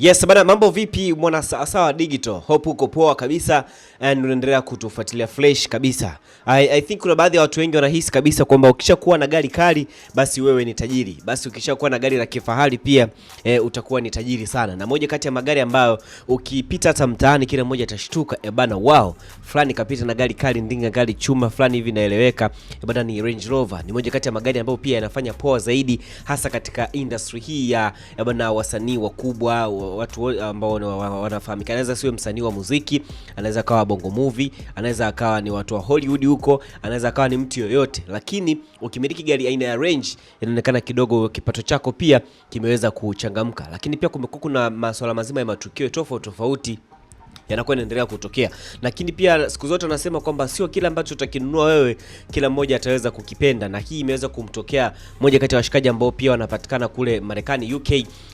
Yes, bana mambo vipi mwana sawa sawa digital. Hope uko poa kabisa and unaendelea kutufuatilia fresh kabisa. I, I think kuna baadhi ya watu wengi wanahisi kabisa kwamba ukishakuwa na gari kali basi wewe ni tajiri. Basi ukishakuwa na gari la kifahari pia e, utakuwa ni tajiri sana. Na moja kati ya magari ambayo ukipita hata mtaani kila mmoja atashtuka, e bana wow, fulani kapita na gari kali ndinga gari chuma fulani hivi naeleweka. E eh, bana ni Range Rover. Ni moja kati ya magari ambayo pia yanafanya poa zaidi hasa katika industry hii ya e bana wasanii wakubwa watu ambao wanafahamika. Anaweza siwe msanii wa muziki, anaweza akawa bongo movie, anaweza akawa ni watu wa Hollywood huko, anaweza akawa ni mtu yoyote, lakini ukimiliki gari aina ya Range inaonekana kidogo kipato chako pia kimeweza kuchangamka, lakini pia kumekuwa kuna masuala mazima ya matukio tofauti tofauti yanakuwa yanaendelea kutokea. Lakini pia siku zote anasema kwamba sio kila ambacho utakinunua wewe kila mmoja ataweza kukipenda, na hii imeweza kumtokea moja kati ya washikaji ambao pia wanapatikana kule Marekani UK,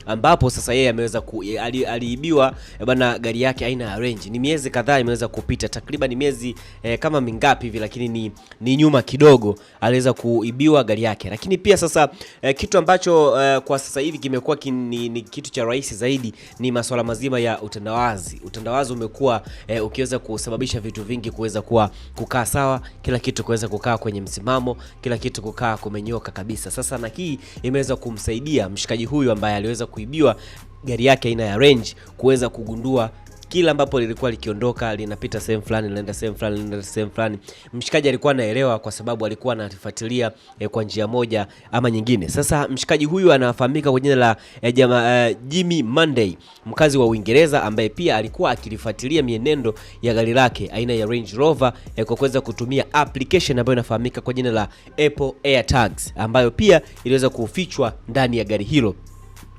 ambapo sasa yeye ameweza eh, aliibiwa eh, bwana gari yake aina ya Range. Ni miezi kadhaa imeweza kupita, takriban miezi eh, kama mingapi hivi, lakini ni, ni nyuma kidogo aliweza kuibiwa gari yake. Lakini pia sasa eh, kitu ambacho eh, kwa sasa hivi kimekuwa ni, ni kitu cha rahisi zaidi ni masuala mazima ya utandawazi. Utandawazi ume umekuwa e, ukiweza kusababisha vitu vingi kuweza kuwa kukaa sawa, kila kitu kuweza kukaa kwenye msimamo, kila kitu kukaa kumenyoka kabisa. Sasa na hii imeweza kumsaidia mshikaji huyu ambaye aliweza kuibiwa gari yake aina ya Range kuweza kugundua kila ambapo lilikuwa likiondoka linapita sehemu fulani linaenda sehemu fulani linaenda sehemu fulani. Mshikaji alikuwa anaelewa kwa sababu alikuwa anafuatilia eh, kwa njia moja ama nyingine. Sasa mshikaji huyu anafahamika kwa jina la eh, jama, eh, Jimmy Monday mkazi wa Uingereza ambaye pia alikuwa akilifuatilia mienendo ya gari lake aina ya Range Rover eh, kwa kuweza kutumia application ambayo inafahamika kwa jina la Apple AirTags ambayo pia iliweza kufichwa ndani ya gari hilo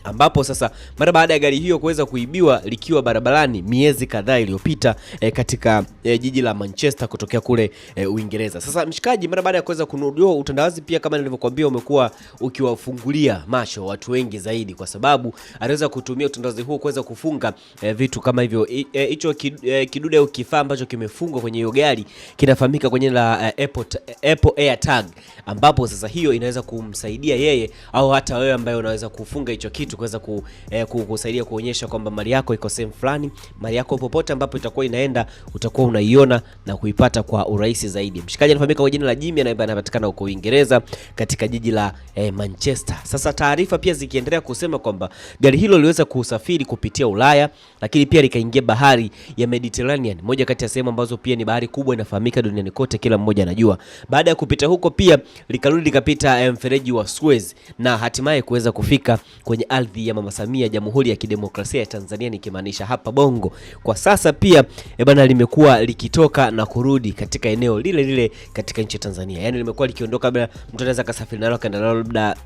ambapo sasa mara baada ya gari hiyo kuweza kuibiwa likiwa barabarani miezi kadhaa iliyopita e, katika e, jiji la Manchester kutokea kule e, Uingereza. Sasa mshikaji, mara baada ya kuweza kununuliwa, utandawazi pia kama nilivyokuambia umekuwa ukiwafungulia macho watu wengi zaidi, kwa sababu anaweza kutumia utandawazi huo kuweza kufunga e, vitu kama hivyo. Hicho e, e, kidude au kifaa ambacho kimefungwa kwenye hiyo gari kinafahamika kwenye la e, Apple, Apple AirTag, ambapo sasa hiyo inaweza kumsaidia yeye au hata wewe ambaye unaweza kufunga hicho kitu yetu kuweza ku, eh, kukusaidia kuonyesha kwamba mali yako iko sehemu fulani. Mali yako popote ambapo itakuwa inaenda utakuwa unaiona na kuipata kwa urahisi zaidi. Mshikaji anafahamika kwa jina la Jimmy, anapatikana huko Uingereza katika jiji la eh, Manchester. Sasa taarifa pia zikiendelea kusema kwamba gari hilo liweza kusafiri kupitia Ulaya, lakini pia likaingia bahari ya Mediterranean, moja kati ya sehemu ambazo pia ni bahari kubwa inafahamika duniani kote, kila mmoja anajua. Baada ya kupita huko pia likarudi likapita eh, mfereji wa Suez na hatimaye kuweza kufika kwenye ardhi ya Mama Samia, Jamhuri ya Kidemokrasia ya Tanzania, nikimaanisha hapa Bongo. Kwa sasa pia e limekuwa likitoka na kurudi katika eneo lile lile katika nchi ya Tanzania, yaani limekuwa likiondoka bila mtu anaweza kasafiri nalo akaenda nalo labda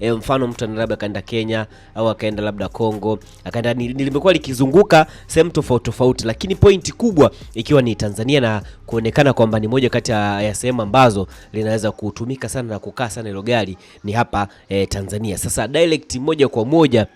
e, mfano mtu labda akaenda Kenya au akaenda labda Kongo akaenda, limekuwa likizunguka sehemu tofauti tofauti, lakini pointi kubwa ikiwa ni Tanzania na kuonekana kwamba ni moja kati ya sehemu ambazo linaweza kutumika sana na kukaa sana hilo gari ni hapa e, Tanzania. Sasa direct moja kwa kwa moja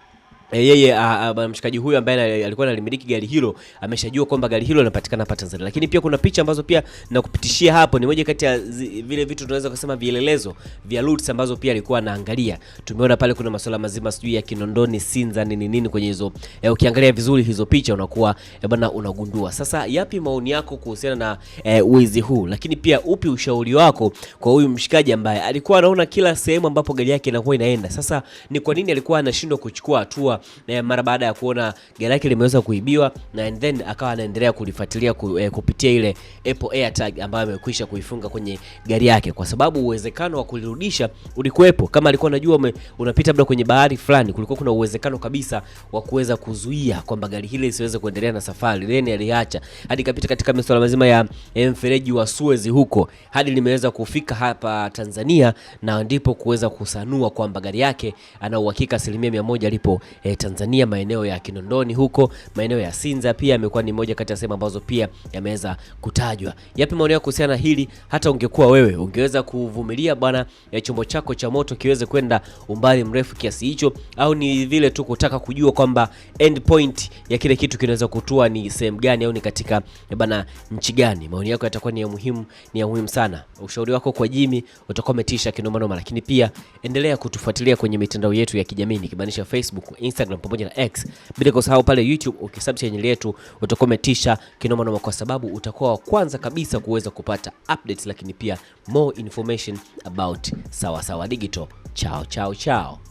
Eh, yeye ah, ah, bwana mshikaji huyu ambaye alikuwa analimiliki gari hilo ameshajua kwamba gari hilo linapatikana hapa Tanzania, lakini pia kuna picha ambazo pia nakupitishia hapo, ni moja kati ya vile vitu tunaweza kusema vielelezo vya roots ambazo pia alikuwa anaangalia. Tumeona pale kuna masuala mazima sijui ya Kinondoni, Sinza, nini nini kwenye hizo e, ukiangalia vizuri hizo picha unakuwa e, bwana unagundua. Sasa yapi maoni yako kuhusiana na e, wizi huu, lakini pia upi ushauri wako kwa huyu mshikaji ambaye alikuwa anaona kila sehemu ambapo gari yake inakuwa inaenda? Sasa ni kwa nini alikuwa anashindwa kuchukua hatua eh, mara baada ya kuona gari lake limeweza kuibiwa na and then akawa anaendelea kulifuatilia ku, eh, kupitia ile Apple AirTag ambayo amekwisha kuifunga kwenye gari yake, kwa sababu uwezekano wa kulirudisha ulikuwepo. Kama alikuwa anajua unapita labda kwenye bahari fulani, kulikuwa kuna uwezekano kabisa wa kuweza kuzuia kwamba gari hili lisiweze kuendelea na safari. Then aliacha hadi kapita katika masuala mazima ya eh, mfereji wa Suez huko hadi limeweza kufika hapa Tanzania, na ndipo kuweza kusanua kwamba gari yake ana uhakika asilimia mia moja alipo eh, eh, Tanzania, maeneo ya Kinondoni huko, maeneo ya Sinza pia amekuwa ni moja kati ya sehemu ambazo pia yameweza kutajwa. Yapi maoni yako kuhusiana na hili? Hata ungekuwa wewe ungeweza kuvumilia bwana eh, chombo chako cha moto kiweze kwenda umbali mrefu kiasi hicho, au ni vile tu kutaka kujua kwamba end point ya kile kitu kinaweza kutua ni sehemu gani au ni katika eh, bana nchi gani? Maoni yako yatakuwa ni ya muhimu, ni ya muhimu sana. Ushauri wako kwa Jimmy utakuwa umetisha lakini pia endelea kutufuatilia kwenye mitandao yetu ya kijamii nikimaanisha Facebook, Instagram, Instagram pamoja na X, bila kusahau pale YouTube. Ukisabu chaneli yetu utakometisha kinoma noma, kwa sababu utakuwa wa kwanza kabisa kuweza kupata updates, lakini pia more information about Sawasawa Digital. Chao chao chao.